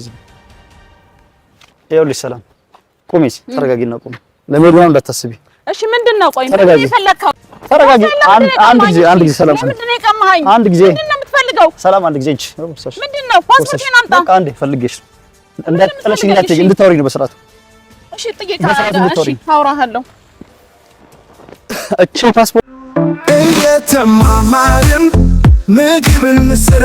እዚህ ይኸውልሽ፣ ሰላም ቁሚ፣ ተረጋጊና ቁሚ። ለመሄድ ምናምን እንዳታስቢ እሺ። ምንድን ነው? ቆይ የፈለግከው? ተረጋጊ። አንድ ጊዜ አንድ ጊዜ ሰላም፣ አንድ ጊዜ ሰላም፣ አንድ ጊዜ ምንድን ነው? ፓስፖርቴን አምጣ። በቃ አንዴ ፈልጌሽ እንዳትጠለሽ፣ እንድታወሪኝ ነው በስርዓቱ። እሺ፣ ጥቂት አውራሃለሁ። እቺ ፓስፖርት እየተማማርን ምግብን ስራ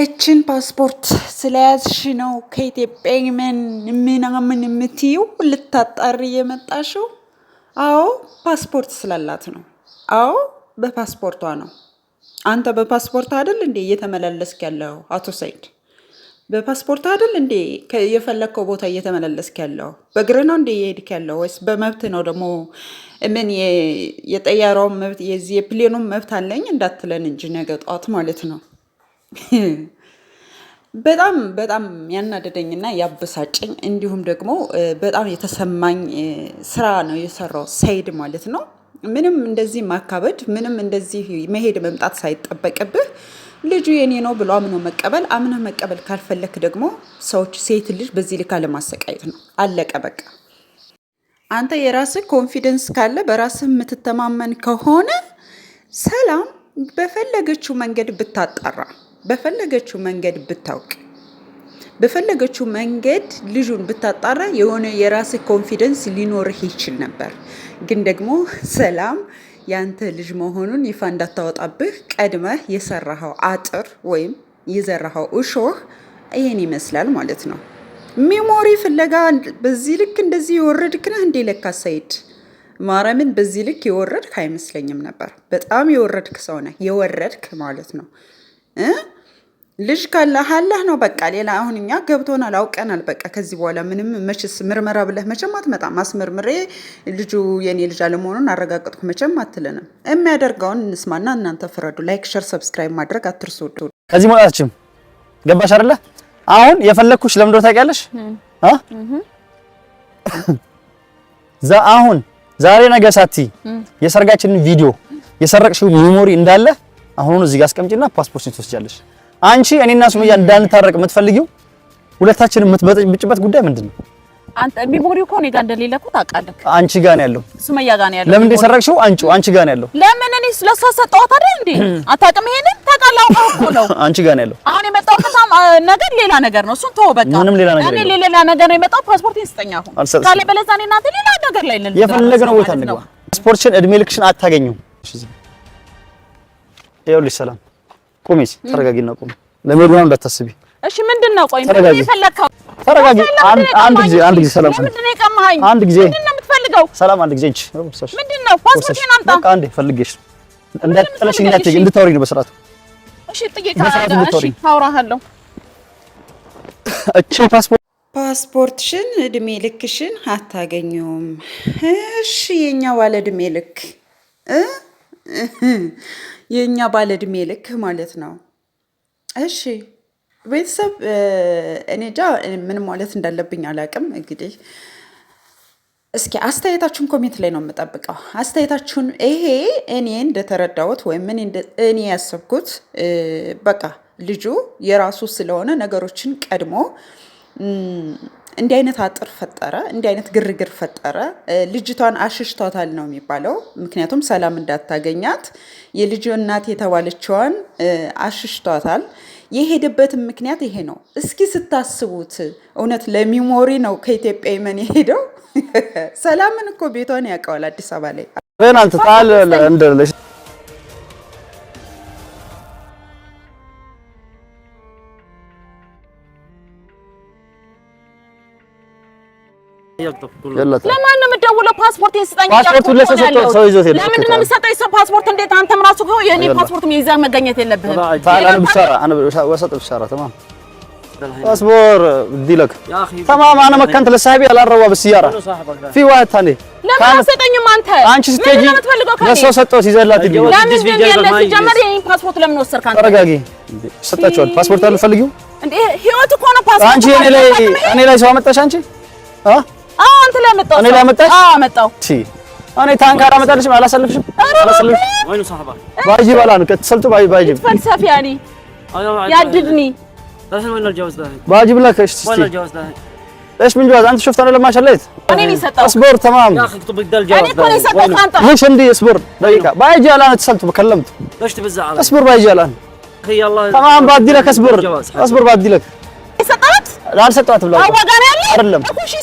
እችን ፓስፖርት ስለያዝሽ ነው ከኢትዮጵያ ምን ምናምን የምትይው ልታጣሪ የመጣሽው? አዎ ፓስፖርት ስላላት ነው። አዎ በፓስፖርቷ ነው። አንተ በፓስፖርት አይደል እንዴ እየተመላለስክ ያለው? አቶ ሰይድ በፓስፖርት አይደል እንዴ የፈለግከው ቦታ እየተመላለስክ ያለው? በእግር ነው እንዴ የሄድክ ያለው ወይስ በመብት ነው? ደግሞ ምን የጠያራውን መብት የዚህ የፕሌኑን መብት አለኝ እንዳትለን እንጂ ነገ ጠዋት ማለት ነው በጣም በጣም ያናደደኝ እና ያበሳጨኝ እንዲሁም ደግሞ በጣም የተሰማኝ ስራ ነው የሰራው ሰይድ ማለት ነው። ምንም እንደዚህ ማካበድ፣ ምንም እንደዚህ መሄድ መምጣት ሳይጠበቅብህ ልጁ የኔ ነው ብሎ አምኖ መቀበል። አምነህ መቀበል ካልፈለክ ደግሞ ሰዎች ሴት ልጅ በዚህ ልካ ለማሰቃየት ነው። አለቀ በቃ። አንተ የራስህ ኮንፊደንስ ካለ በራስህ የምትተማመን ከሆነ ሰላም በፈለገችው መንገድ ብታጣራ በፈለገችው መንገድ ብታውቅ በፈለገችው መንገድ ልጁን ብታጣራ የሆነ የራስ ኮንፊደንስ ሊኖርህ ይችል ነበር። ግን ደግሞ ሰላም ያንተ ልጅ መሆኑን ይፋ እንዳታወጣብህ ቀድመህ የሰራኸው አጥር ወይም የዘራኸው እሾህ ይሄን ይመስላል ማለት ነው። ሜሞሪ ፍለጋ በዚህ ልክ እንደዚህ የወረድክ ነህ እንዴ? ለካ ሰይድ ማርያምን በዚህ ልክ የወረድክ አይመስለኝም ነበር። በጣም የወረድክ ሰው ነህ፣ የወረድክ ማለት ነው። ልጅ ካለህ ነው በቃ። ሌላ አሁን እኛ ገብቶናል፣ አውቀናል። በቃ ከዚህ በኋላ ምንም መችስ ምርመራ ብለህ መቼም አትመጣም። አስመርምሬ ልጁ የኔ ልጅ አለመሆኑን አረጋግጥኩ መቼም አትልንም። የሚያደርገውን እንስማና እናንተ ፍረዱ። ላይክ፣ ሸር፣ ሰብስክራይብ ማድረግ አትርሱ። ከዚህ መውጣትችም ገባሽ አይደለ? አሁን የፈለግኩሽ ለምዶ ታውቂያለሽ። አሁን ዛሬ ነገ ሳቲ የሰርጋችንን ቪዲዮ የሰረቅሽው ሜሞሪ እንዳለ አሁኑ እዚህ ጋር አስቀምጪና ፓስፖርት ትወስጃለሽ አንቺ እኔና ሱመያ እንዳንታረቅ የምትፈልጊው ሁለታችንን የምትበጭበት ጉዳይ ምንድን ነው? አንተ ሚሞሪው እኮ እኔ ጋር እንደሌለ እኮ ታውቃለህ። አንቺ ጋር ነው ያለው፣ ሱመያ ጋር ነው ያለው። ለምን እንደሰረቅሽው አንቺ አንቺ ጋር ነው ያለው። ለምን እኔ ስለሷ ሰጠኋት አይደል እንዴ? አታውቅም። ይሄንን ታውቃለህ። አውቀው እኮ ነው አንቺ ጋር ነው ያለው። አሁን የመጣው በጣም ነገር ሌላ ነገር ነው። እሱን ተወው በቃ። ምንም ሌላ ነገር እኔ ሌላ ነገር ነው የመጣው። ፓስፖርቴን ስጠኝ አሁን ካለ በለዛ እኔ እናንተ ሌላ ነገር ላይ ነን። ነው ቦታ እንግባ። ፓስፖርትሽን እድሜ ልክሽን አታገኙም። ይኸውልሽ ሰላም ቁሚ፣ ተረጋጊና ቁሚ። ለሜሮን እንዳታስቢ እሺ። ምንድን ነው? ቆይ ተረጋጊ፣ ተረጋጊ። አንድ ጊዜ አንድ ጊዜ ሰላም፣ አንድ ጊዜ ሰላም፣ አንድ ጊዜ ምንድን ነው? ፓስፖርቴን አምጣ። በቃ አንዴ ፈልጌሽ እንዳትጠለሽ፣ እንዳትሄጂ፣ እንድታወሪኝ ነው በስርዓቱ። እሺ፣ ጥቂት ታውራለሁ። እቺ ፓስፖርት ፓስፖርትሽን እድሜ ልክሽን አታገኘውም። እሺ፣ የኛ ባለ እድሜ ልክ የእኛ ባለ እድሜ ልክ ማለት ነው። እሺ ቤተሰብ እኔ እንጃ ምን ማለት እንዳለብኝ አላውቅም። እንግዲህ እስኪ አስተያየታችሁን ኮሜንት ላይ ነው የምጠብቀው። አስተያየታችሁን ይሄ እኔ እንደተረዳሁት ወይም እኔ ያሰብኩት በቃ ልጁ የራሱ ስለሆነ ነገሮችን ቀድሞ እንዲህ አይነት አጥር ፈጠረ፣ እንዲህ አይነት ግርግር ፈጠረ። ልጅቷን አሽሽቷታል ነው የሚባለው። ምክንያቱም ሰላም እንዳታገኛት የልጅ እናት የተባለችዋን አሽሽቷታል። የሄደበትም ምክንያት ይሄ ነው። እስኪ ስታስቡት እውነት ለሚሞሪ ነው ከኢትዮጵያ የመን የሄደው። ሰላምን እኮ ቤቷን ያውቀዋል አዲስ አበባ ላይ ለማን ነው የምትደውለው? ፓስፖርት ስጠኝ። ፓስፖርቱን ለሰጠው ሰው ይዞት ሄደ። ለምንድን ነው የሚሰጠኝ ሰው ፓስፖርት? እንዴት አንተም ራሱ የእኔ ፓስፖርት ይዘህ መገኘት የለብህም። ፓስፖርት ለምን ፓስፖርት አንተ ላይ አመጣው እኔ ላይ አመጣሽ? አዎ አመጣው። እሺ እኔ ታንካራ አመጣልሽም አላሰልፍሽም አላሰልፍሽም። ወይኑ ሳህባ ባይጂ ባላ ነው ከተሰልቱ ባይ ባይጂ ፈልሰፍ ያኒ ያድድኒ باجي بالله يعني. ايش تستي ايش من جواز انت شفت انا لما شليت انا سطر اصبر تمام يا اخي اكتب لك الجواز انا كوني خنطه ليش عندي اصبر دقيقه أيوه. باجي الان اتصلت وكلمت ليش تبزع علي اصبر باجي الان اخي يلا تمام بادي لك اصبر اصبر بادي لك سطرت لا سطرت بالله هو قال لي اكو شيء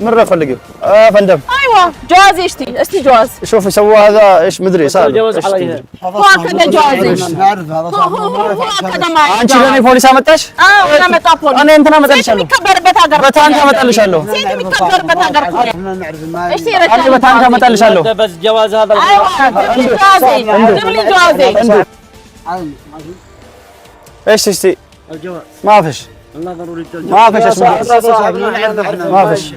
مره فلقيه آه فندم ايوه جوازي يشتي اشتي جواز شوف سوى هذا ايش مدري صار هو كذا جوازي هو كذا ما آه، انت شلوني بوليس امتش اه انا إيه، متى بوليس انا انت ما تلش له كبر بتا غر بتا انت ما تلش سيدي متكبر بيت غر ايش انت بتا انت ما بس جواز هذا ايوه جوازي جوازي ايش تشتي الجواز ما فيش ما فيش ما فيش ما فيش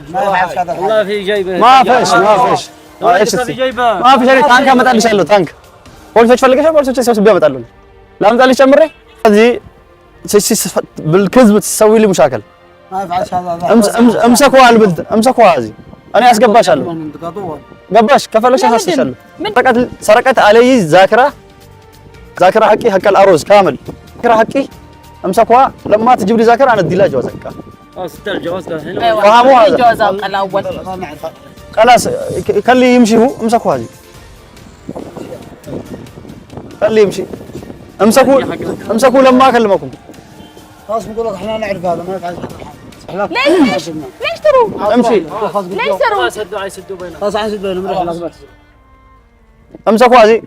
والله في جيبه ما فيش ما فيش ما فيش ما فيش ታንክ አመጣልሻለሁ ታንክ ፖሊሶች ፈልገሻል ፖሊሶች ሰብስቤ ما ላምጣልሽ ጨምሬ እዚህ بالكذب تسوي لي مشاكل ما يفعلش هذا امسكوها البنت امسكوها هذه እኔ አስገባሻለሁ። ገባሽ ከፈለሽ አሳስሻለሁ። ሰረቀት አለይ ዛክራ ዛክራ ሐቂ ሐቀል አሮዝ ካምል ዛክራ ሐቂ امسكوا لما تجيب لي ذاكر انا ادي لها جواز حقها اه ستة الجواز فهموا هذا جواز الاول خلاص خليه يمشي هو امسكوا هذه خليه يمشي امسكوا امسكوا لما اكلمكم خلاص بقول لك احنا نعرف هذا ما يفعل ليش ليش ليش تروا امشي ليش تروا؟ يسدوا يسدوا بينهم خلاص يسدوا بينهم امسكوا هذه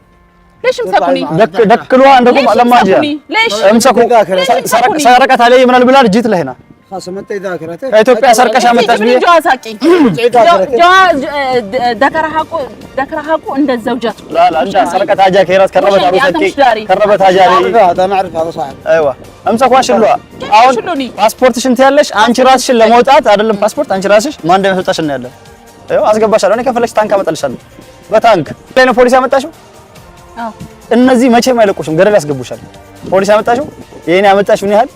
ليش مسكوني دك دكلوها عندكم لما اجي ليش امسكوا سرقت علي من البلاد جيت لهنا ከኢትዮጵያ ሰርቀሽ አመጣሽ ብዬ ፓስፖርትሽን ትያለሽ አንቺ ራስሽን ለመውጣት አይደለም ፓስፖርት አንቺ ራስሽ ማን እንደሚያስወጣሽ እናያለን። አስገባሻለሁ እኔ ከፈለግሽ ታንክ አመጣልሻለሁ። በታንክ ላይ ነው ፖሊስ ያመጣሽው። እነዚህ መቼም አይለቁሽም፣ ገደል ያስገቡሻል። ፖሊስ ያመጣሽው ይሄን ያመጣሽ ምን ያህል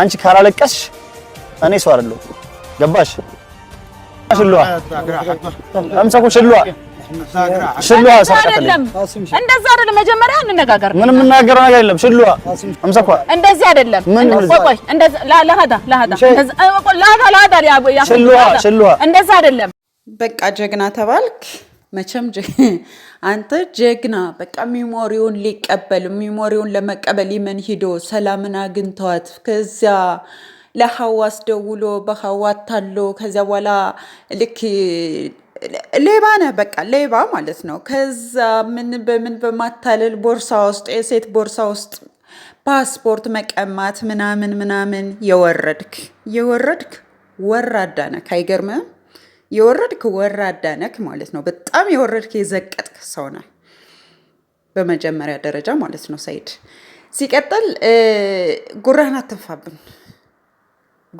አንቺ ካላለቀስሽ እኔ ሰው አይደለሁ። ገባሽ? ሽሏ አምሳኩ ሽሏ ሽልዋ እንደዛ አይደለም። መጀመሪያ እንነጋገር። ምንም የምናገረው ነገር የለም። ሽሏ አምሳኩ እንደዚህ አይደለም። ቆይ እንደዛ ለሃዳ ለሃዳ ለሃዳ ለሃዳ ሽሏ ሽሏ እንደዛ አይደለም። በቃ ጀግና ተባልክ። መቼም አንተ ጀግና በቃ ሚሞሪውን ሊቀበል ሚሞሪውን ለመቀበል የመን ሂዶ ሰላምን አግኝተዋት ከዚያ ለሐዋስ ደውሎ በሐዋት ታሎ ከዚያ በኋላ ልክ ሌባ ነህ በቃ ሌባ ማለት ነው። ከዛ ምን በምን በማታለል ቦርሳ ውስጥ የሴት ቦርሳ ውስጥ ፓስፖርት መቀማት ምናምን ምናምን የወረድክ የወረድክ ወራዳ ነህ አይገርምህም? የወረድክ ወራዳ ነክ ማለት ነው። በጣም የወረድክ የዘቀጥክ ሰው ነህ፣ በመጀመሪያ ደረጃ ማለት ነው ሰይድ። ሲቀጥል ጉራህን አትንፋብን፣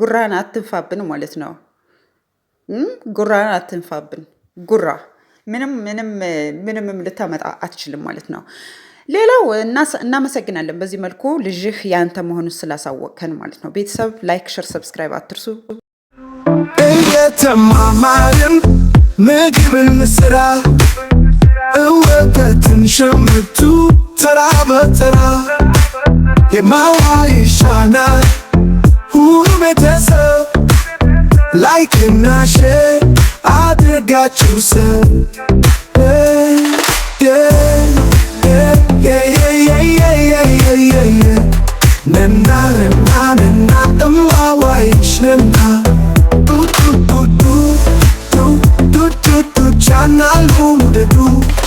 ጉራህን አትንፋብን ማለት ነው። ጉራህን አትንፋብን። ጉራ ምንም ምንም ምንም ልታመጣ አትችልም ማለት ነው። ሌላው እናመሰግናለን። በዚህ መልኩ ልጅህ ያንተ መሆኑን ስላሳወቅከን ማለት ነው። ቤተሰብ ላይክ፣ ሸር፣ ሰብስክራይብ አትርሱ። እየተማማርን ምግብን ስራ እወተትን ሸምቱ ተራ በተራ የማዋ ይሻናል ሁሉ ቤተሰብ ላይክና ሼር አድርጋችሁ ሰብ ነና ነና ነና እማዋይሽ ነና canal mondo blu